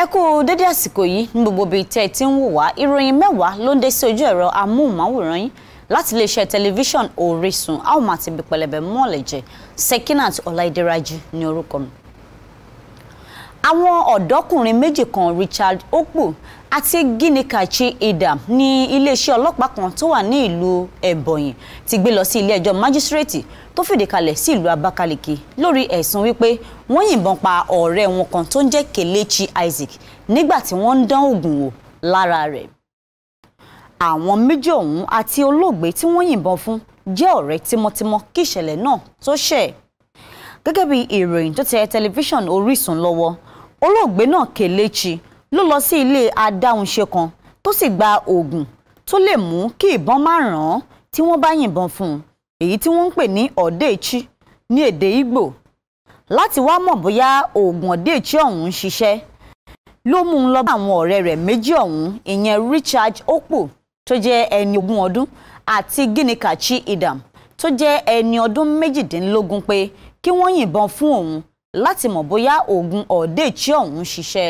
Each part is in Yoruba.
ẹ kú dédé àsìkò yìí ní gbogbo ibi tẹ́ ẹ ti ń wò wá ìròyìn mẹ́wàá ló ń dé sí ojú ẹ̀rọ amóhùnmáwòrán yín láti iléeṣẹ́ tẹlifíṣàn Orísun a ó máa pẹlẹbẹ mọ́ọ̀lẹ́jẹ Sekinat Ọláìdẹ́rajì ní orúkọ mi àwọn ọ̀dọ́kùnrin méjì kan Richard Okpu àti Ginikachi Idam ní iléeṣẹ́ ọlọ́pàá kan tó wà ní ìlú Ebonyi ti gbé lọ sí ilé ẹjọ́ májísírèètì tó fìdí kalẹ̀ sí ìlú Abakaliki lórí ẹ̀sùn wípé wọ́n yìnbọn pa ọ̀rẹ́ wọn kan tó ń jẹ́ Kelechi Isaac nígbà tí wọ́n ń dán oògùn wò lára rẹ̀ àwọn méjì ọ̀hún àti olóògbé tí wọ́n yìnbọn fún jẹ́ ọ̀rẹ́ tímọ́tímọ́ kí ìṣẹ̀lẹ̀ náà tó ṣẹ̀ gẹ́gẹ́ bí ìròyìn tó tẹ tẹlifíṣàn Orísun lọ́wọ́ olóògbé náà Kelechi ló lọ sí ilé adáhunṣe kan tó sì gba oògùn tó lè mú kí ìbọn má ràn án tí wọ́n bá yìnbọn fún un èyí tí wọ́n ń pè ní ọ̀dẹ́ẹ̀chí ní èdè Ìgbò láti wá mọ̀ bóyá oògùn ọ̀dẹ́ẹ̀chí ọ̀hún ń ṣiṣẹ́ ló mú un lọ bá àwọn ọ̀rẹ́ rẹ̀ méjì ọ̀hún ìyẹn Richard Okpo tó jẹ́ ẹni ogún ọdún àti Ginikachi Idam tó jẹ́ ẹni ọdún méjìdínlógún pé kí wọ́n yìnbọn fún òun láti mọ̀ bóyá oògùn ọ̀ọ́dẹ́ẹ̀chí ọ̀hún ṣiṣẹ́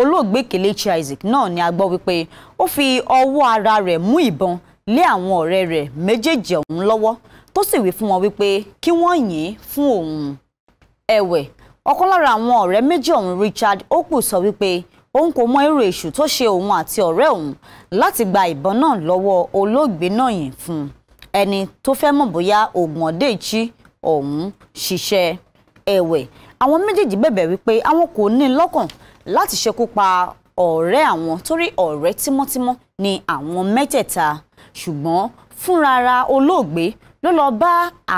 olóògbé Kelechi Isaac náà ni a gbọ́ wípé ó fi ọwọ́ ara rẹ̀ mú ìbọn lé àwọn ọ̀rẹ́ rẹ̀ méjèèjì ọ̀hún lọ́wọ́ tó sì wí fún wọn wípé kí wọ́n yìn fún òun ẹ̀wẹ̀ ọ̀kan lára àwọn ọ̀rẹ́ méjì ọ̀hún Richard Okpu sọ wípé òun kò mọ irú èṣù tó ṣe òun àti ọ̀rẹ́ òun láti gba ìbọn náà lọ́wọ́ olóògbé náà yìn fún ẹni tó fẹ́ mọ̀ bóyá oògùn ọ̀dẹ́ẹ̀chí ọ̀hún ṣiṣẹ́ ẹ̀wẹ̀ àwọn méjèèjì bẹ̀bẹ̀ wípé àwọn kò ní lọ́kàn láti ṣekú pa ọ̀rẹ́ àwọn torí ọ̀rẹ́ tímọ́tímọ́ ni àwọn mẹ́tẹ̀ẹ̀ta ṣùgbọ́n fúnrara olóògbé ló lọ bá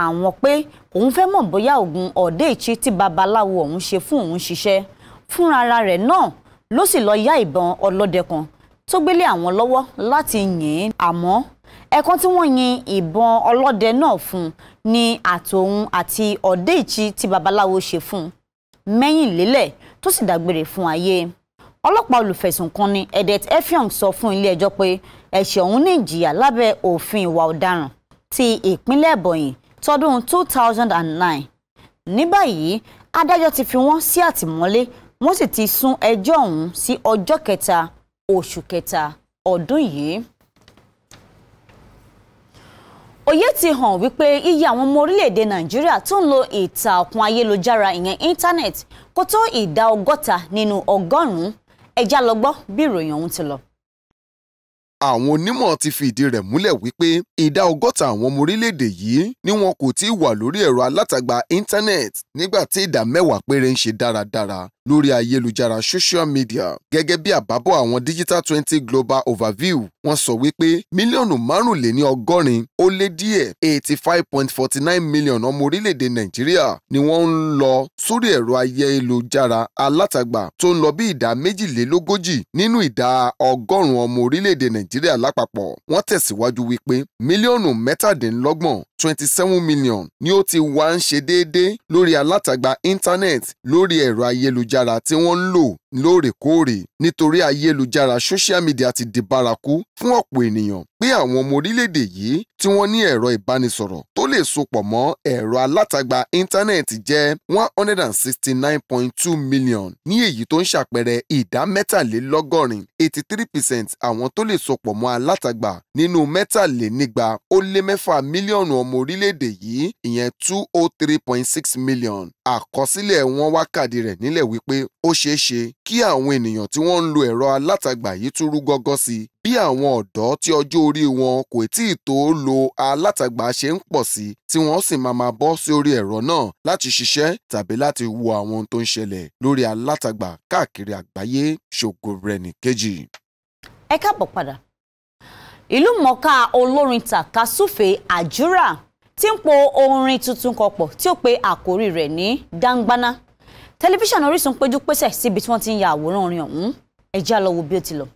àwọn pé òun fẹ́ mọ̀ bóyá oògùn ọ̀dẹ́ìchí tí babaláwo ọ̀hún ṣe fún òun ṣiṣẹ́ fúnrara rẹ̀ náà ló sì lọ yá ìbọn ọlọ́dẹ kan tó gbélé àwọn lọ́wọ́ láti yìn ín àmọ́ ẹ̀kan tí wọ́n yin ìbọn ọlọ́dẹ náà fún un ni àtòun àti ọ̀dẹ́ìjì tí babaláwo ṣe fún un mẹ́yìnlélẹ̀ tó sì dágbére fún ayé ọlọ́pàá olùfẹ̀sùnkanni edet efiong sọ fún ilé-ẹjọ́ pé ẹ̀ṣẹ̀ ọ̀hún ní ìjìyà lábẹ́ òfin ìwà ọ̀daràn ti ìpínlẹ̀ ebonyi tọdún 2009 ní báyìí adájọ́ ti fi wọ́n sí àtìmọ́lé wọ́n sì ti sún ẹjọ́ ọ̀hún sí ọjọ́ kẹta oṣù kẹta ọdún yìí òye ti hàn wípé iye àwọn ọmọ orílẹ̀-èdè nàìjíríà tó ń lo ìtàkùn ayélujára ìyẹn internet kò tó ìdá ọgọ́ta nínú ọgọ́rùn-ún ẹja lọ gbọ́ bí ìròyìn ọ̀hún ti lọ. àwọn onímọ̀ ti fìdí rẹ̀ múlẹ̀ wípé ìdá ọgọ́ta àwọn ọmọ orílẹ̀-èdè yìí ni wọn kò tí ì wà lórí ẹ̀rọ alátagbà internet nígbà tí ìdá mẹ́wàá péré ń ṣe dáradára lórí ayélujára social media. gẹ́gẹ́ bí àbábọ̀ àwọn digital twenty global overview wọ́n sọ wípé mílíọ̀nù márùnléní ọgọ́rin ó lé díẹ̀ eighty five point forty nine million ọmọ orílẹ̀-èdè nàìjíríà ni wọ́n ń lọ sórí ẹ̀rọ ayélujára alátagbà tó ń lọ bí ìdá méjìlélógójì nínú ìdá ọgọ́rùn-ún ọmọ orílẹ̀-èdè nàìjíríà lápapọ̀ wọ́n tẹ̀síwájú wípé mílíọ̀nù mẹ́tàdínlọ́gbọ̀n twenty-seven million ni ó ti wá ń ṣe déédéé lórí alátagbà íńtánẹ́ẹ̀tì lórí ẹ̀rọ ayélujára tí wọ́n ń lò lóòrèkóòrè nítorí ayélujára social media ti di bárakú fún ọ̀pọ̀ ènìyàn pé àwọn ọmọ orílẹ̀-èdè yìí tí wọ́n ní ẹ̀rọ ìbánisọ̀rọ̀ tó lè sopọ̀ mọ́ ẹ̀rọ alátagbà íńtánẹ́ẹ̀tì jẹ́ one hundred and sixty nine point two million ní èyí tó ń ṣàpẹẹrẹ ìdá mẹ́tàlélọ́gọ́rin eighty three percent àwọn tó lè sopọ̀ mọ́ alátagbà nínú mẹ́tàlénígba ó lé mẹ́fà mílíọ̀nù ọmọ orílẹ̀-èdè yìí ìyẹn two oh three point six million àkọsílẹ̀ wọn wákàdí rẹ̀ nílẹ̀ wípé ó ṣeé ṣe kí àwọn ènìyàn tí wọ́n ń lo ẹ̀rọ alátagbà yìí tún rú gọ́gọ́ sí i bí àwọn ọ̀dọ́ tí ọjọ́ orí wọn kò tí ì tó lo alátagbà ṣe ń pọ̀ sí i tí wọ́n sì máa máa bọ́ sí orí ẹ̀rọ náà láti ṣiṣẹ́ tàbí láti wo àwọn ohun tó ń ṣẹlẹ̀ lórí alátagbà káàkiri àgbáyé ṣògo rẹ̀ nìkejì. ẹ káàbọ̀ padà ìlú mọ̀ọ́ká olórin tàkasúfèé àjúrà tí ń po orin tuntun kan pọ̀ tí ó pe àkórí rẹ̀ ní dangbana tẹlifíṣàn Orísun péjú pésẹ̀ síbi tí wọ́n ti ń ya àwòrán orin ọ̀hún ẹ já lọ wo bí ó ti lọ.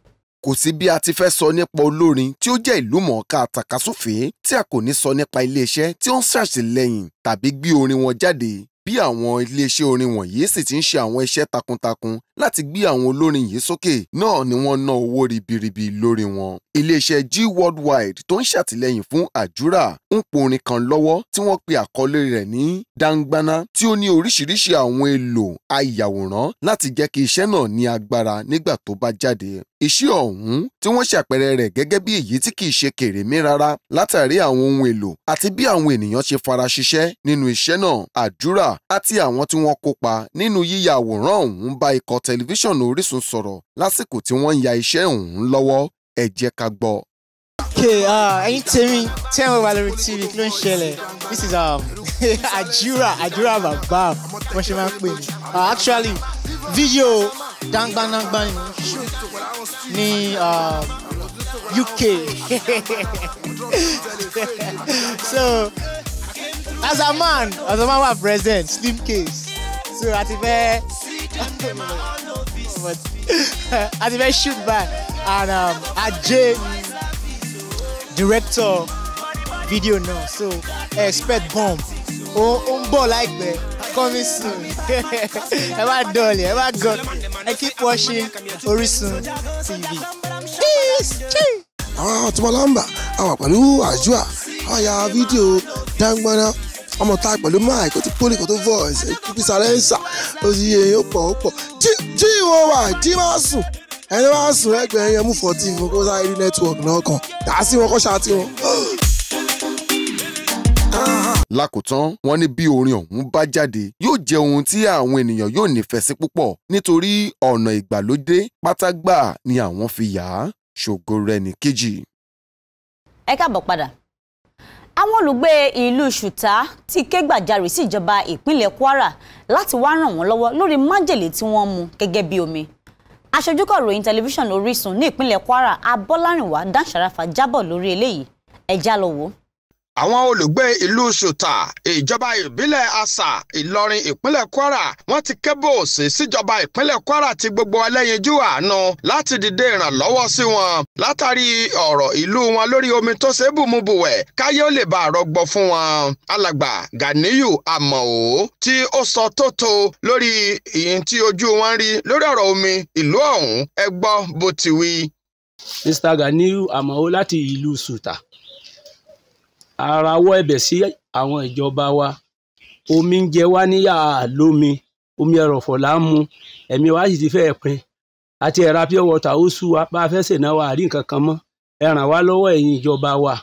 kò sí bí a ti fẹ́ sọ nípa olórin tí ó jẹ́ ìlú mọ̀ọ́ká àtàkásòfin tí a kò ní sọ nípa iléeṣẹ́ tí ó ń ṣàtìlẹ́yìn tàbí gbé orin wọn jáde bí àwọn iléeṣẹ́ orin wọ̀nyí sì ti ń ṣe àwọn iṣẹ́ takuntakun láti gbé àwọn olórin yìí sókè náà ni wọ́n ná owó ribiribi lórí wọn. iléeṣẹ́ G Worldwide tó ń ṣàtìlẹ́yìn fún àjúrà ń porin kan lọ́wọ́ tí wọ́n pe àkọlé rẹ̀ ní dangbana tí ó ní oríṣiríṣi àwọn èlò ayàwòrán láti jẹ́ kí iṣẹ́ náà ní agbára nígbà tó bá jáde. iṣẹ́ ọ̀hún tí wọ́n ṣàpẹẹrẹ rẹ̀ gẹ́gẹ́ bí èyí tí kì í ṣe kèrèmí rárá látàrí àwọn ohun èlò àti bí àwọn ènìyàn ṣe fara ṣiṣẹ́ nínú iṣẹ́ náà àjúrà àti àwọn tí wọ́n kópa nínú yíya àwòrán ọ̀hún bá ikọ̀ tẹlifíṣàn Orísun sọ̀rọ̀ lásìkò tí wọ́n ń ya iṣẹ́ ọ̀hún lọ́wọ́ ẹ jẹ́ ká gbọ́. okay ah, ẹyin tèmi tẹ́ ẹ wà lórí tv kí ló ń ṣẹlẹ̀ this is um, àjúrà àjúrà bàbá wọ́n ṣe máa ń pè mí ah, actually fídíò dáńgbánágbá ni mo ń ṣe ní UK um, so as a man as a man wa present slim case so àti fẹ́ but a ti fẹ́ shoot back and um, ajé director video now, so expect bomb ó ń like láìpẹ́ coming soon ẹ a dolly, ẹ a gọ̀ ẹ keep watching Orisun TV. àwọn ọ̀túnmọ̀ ah, lọ́mbà àwọn pẹ̀lú àjùà ọ̀ya fídíò dáńgbọ́nà ọmọ ta pẹ̀lú mic ó ti pólì kó tó voice kí sàlẹ́nsà ó ti ó pọ̀ ó pọ̀ jí wọn wà jí máa sùn ẹni máa sùn ẹgbẹ̀rún yẹn mú fọ́tí fún kó sáré network náà kan dá sí wọn kó ṣáàtì wọn. lákòótán wọn ní bí orin ọ̀hún bá jáde yóò jẹ́ ohun tí àwọn ènìyàn yóò nífẹ̀ẹ́ sí púpọ̀ nítorí ọ̀nà ìgbàlódé pátágbà ni àwọn fi yà á ṣògo rẹ̀ ní kejì. ẹ káàbọ̀ padà àwọn olùgbé ìlú ṣùtá ti ké gbàjarè sí ìjọba ìpínlẹ̀ kwara láti wá ràn wọ́n lọ́wọ́ lórí májèlé tí wọ́n mu gẹ́gẹ́ bí omi aṣojúkọ̀ ròyìn tẹlifíṣàn Orísun ní ìpínlẹ̀ kwara abọ́lárìnwá dáńsáráfà jábọ̀ lórí eléyìí ẹ̀já lọ wò àwọn olùgbé ìlú ṣùtà ìjọba ìbílẹ̀ àṣà ìlọrin ìpínlẹ̀ kwara wọ́n ti ké bòòsì síjọba ìpínlẹ̀ kwara ti gbogbo ẹlẹ́yinjú àánú láti dìde ìrànlọ́wọ́ sí wọn látàrí ọ̀rọ̀ ìlú wọn lórí omi tó ṣe é bùmùbùwẹ̀ káyé ó lè bá àrọ́gbọ fún wọn. alàgbà ganiyu amọ̀ọ́ tí ó sọ tó tó lórí ìyìn tí ojú wọn rí lórí ọ̀rọ̀ omi ìlú ọ̀hún ẹ bó ti wí. mr ganiyu amọ̀ọ́ arawọ́ ẹ̀bẹ̀ sí àwọn ìjọba wa omi ń jẹ wá níyà lómi omi ẹrọ̀fọ̀ là ń mu ẹ̀mí wa sì ti fẹ́ pin àti ẹ̀ra pure water ó sú wa bá a fẹ́ sè náà wa àrí nǹkan kan mọ́ ẹ ràn wá lọ́wọ́ ẹ̀yin ìjọba wa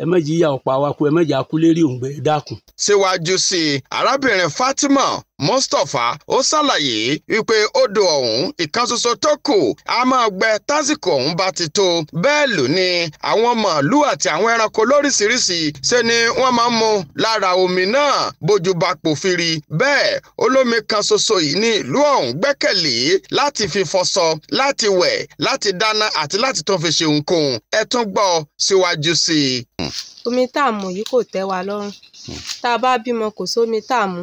ẹ má jí ìyà wa kú ẹ má jà kú lérí òǹgbẹ dákun. síwájú sí i arábìnrin Fatima Mustapha ó ṣàlàyé wípé odò ọ̀hún ìkan ṣoṣo tó kù a máa gbẹ tásìkò ọ̀hún bá ti tó bẹ́ẹ̀ lù ni àwọn màálù àti àwọn ẹranko lóríṣiríṣi ṣe ni wọ́n máa ń mu lára omi náà bójú bá pòfiri bẹ́ẹ̀ olómi kan ṣoṣo yìí ní ìlú ọ̀hún gbẹ́kẹ̀lé láti fi fọṣọ láti wẹ̀ láti dáná àti láti tó fi ṣe ohunkóhun ẹ tún gbọ́ síwájú sí i. omi tá a mọ̀ yìí kò tẹ́ wa lọ́rùn hmm. tá a bá bímọ kò sómi tá a mu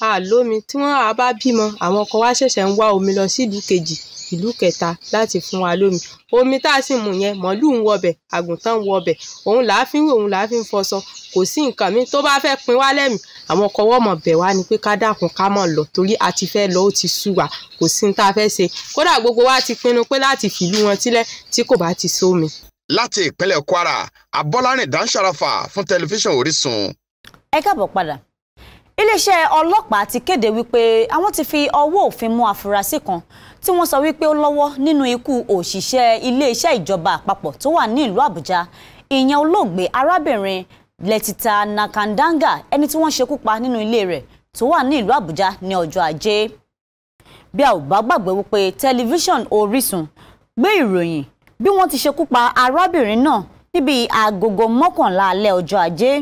a lómi tí wọ́n á bá bímọ àwọn ọkọ wa ṣẹ̀ṣẹ̀ ń wá omi lọ sílùú kejì ìlú kẹta láti fún wa lómi omi tá a sì mú yẹn mọ̀lúù ń wọbẹ̀ àgùntàn ń wọbẹ̀ òun là á fi ń wẹ̀ òun là á fi ń fọṣọ kò sí nǹkan mi tó bá fẹ́ pin wá lẹ́mìí àwọn ọkọ̀ wọ́mọ̀ bẹ̀ wá ni pé ká dákun ká mọ̀ lọ torí a ti fẹ́ lọ ó ti sú wa kò sí ní tá a fẹ́ ṣe kódà gbogbo wa ti pinnu pé láti fìlú wọn sílẹ̀ tí kò bá ti sómi. láti ìpínlẹ̀ Kwara Abọ́lárìn Dáńsàràfà fún tẹlifíṣàn Orísun. ẹ káàbọ̀ padà iléeṣẹ́ ọlọ́pàá ti kéde wípé àwọn ti fi ọwọ́ òfin mú afurasí kan tí wọ́n sọ wípé ó lọ́wọ́ nínú ikú òṣìṣẹ́ iléeṣẹ́ ìjọba àpapọ̀ tó wà ní ìlú Àbújá ìyẹn olóògbé arábìnrin Letitia Nakandanga ẹni tí wọ́n ṣekú pa nínú ilé rẹ̀ tó wà ní ìlú Àbújá ní ọjọ́ ajé bí a ò bá gbàgbé wípé tẹlifíṣàn Orísun gbé ìròyìn bí wọ́n ti ṣekú pa arábìnrin náà níbi agogo mọ́kànlá alẹ́ ọjọ́ ajé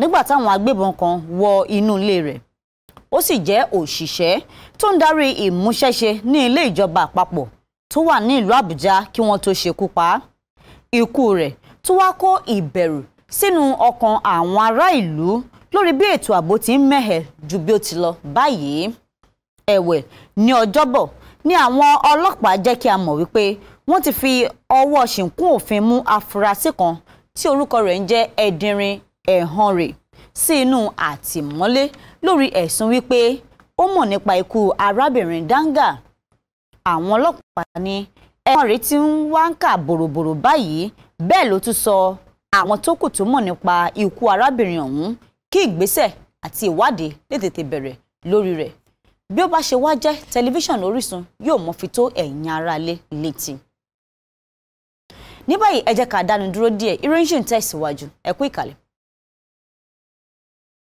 nígbà táwọn agbébọn kan wọ inú ilé rẹ̀ ó sì jẹ́ òṣìṣẹ́ tó ń darí ìmúṣẹ́ṣe ní ilé ìjọba àpapọ̀ tó wà ní ìlú Àbújá kí wọ́n tó ṣekú pa á ikú rẹ̀ tó wá kó ìbẹ̀rù sínú ọkàn àwọn ará ìlú lórí bí ètò ààbò ti ń mẹ́hẹ̀ ju bí ó ti lọ báyìí ẹ̀wẹ̀ ní ọjọ́bọ̀ ni àwọn ọlọ́pàá jẹ́ kí a mọ̀ wípé wọ́n ti fi ọwọ́ ṣìnkún òfin mú afurasí kan tí orúkọ rẹ̀ ń jẹ́ Ẹdinrin ẹ̀hán rẹ̀ sí inú àtìmọ́lé lórí ẹ̀sùn wípé ó mọ̀ nípa ikú arábìnrin danga àwọn ọlọ́pàá ní ẹ̀hán rẹ̀ ti ń wá ń kà bòròbòrò báyìí bẹ́ẹ̀ ló tún sọ àwọn tó kù tó mọ̀ nípa ikú arábìnrin ọ̀hún kí ìgbésẹ̀ àti ìwádìí lè tètè bẹ̀rẹ̀ lórí rẹ̀ bí ó bá ṣe wá jẹ́ tẹlifíṣàn Orísun yóò mọ fi tó ẹ̀yin aráalé létí. ní báyìí ẹ jẹ́ ká dánu dúró díẹ̀ ìròyìn ṣì ń tẹ̀síwájú ẹ ìkàlẹ̀.